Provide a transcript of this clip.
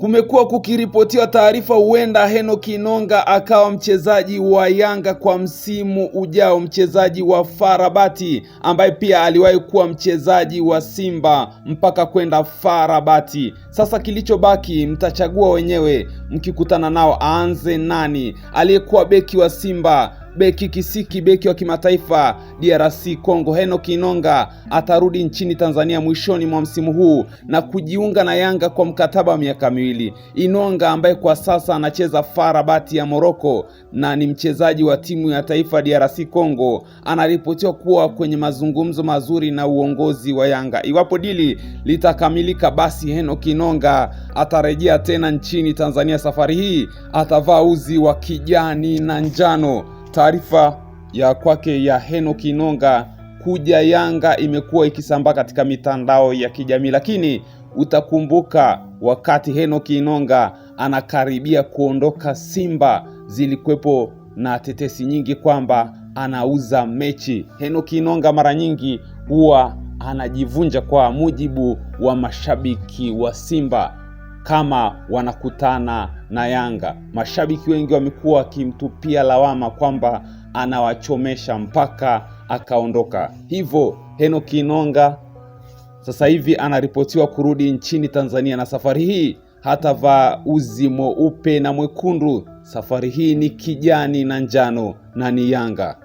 Kumekuwa kukiripotiwa taarifa huenda Henock Inonga akawa mchezaji wa Yanga kwa msimu ujao, mchezaji wa farabati ambaye pia aliwahi kuwa mchezaji wa Simba mpaka kwenda farabati Sasa kilichobaki mtachagua wenyewe mkikutana nao aanze nani? Aliyekuwa beki wa Simba, beki kisiki, beki wa kimataifa DRC Congo, Henok Inonga atarudi nchini Tanzania mwishoni mwa msimu huu na kujiunga na Yanga kwa mkataba wa miaka miwili. Inonga ambaye kwa sasa anacheza farabati ya Moroko na ni mchezaji wa timu ya taifa DRC Congo, anaripotiwa kuwa kwenye mazungumzo mazuri na uongozi wa Yanga. Iwapo dili litakamilika, basi Henok Inonga atarejea tena nchini Tanzania safari hii atavaa uzi wa kijani na njano. Taarifa ya kwake ya Henoki Inonga kuja Yanga imekuwa ikisambaa katika mitandao ya kijamii, lakini utakumbuka wakati Henoki Inonga anakaribia kuondoka Simba, zilikuwepo na tetesi nyingi kwamba anauza mechi. Henoki Inonga mara nyingi huwa anajivunja kwa mujibu wa mashabiki wa Simba kama wanakutana na Yanga. Mashabiki wengi wamekuwa wakimtupia lawama kwamba anawachomesha mpaka akaondoka. Hivyo Henoki Inonga sasa hivi anaripotiwa kurudi nchini Tanzania, na safari hii hatavaa uzi mweupe na mwekundu. Safari hii ni kijani na njano, na ni Yanga.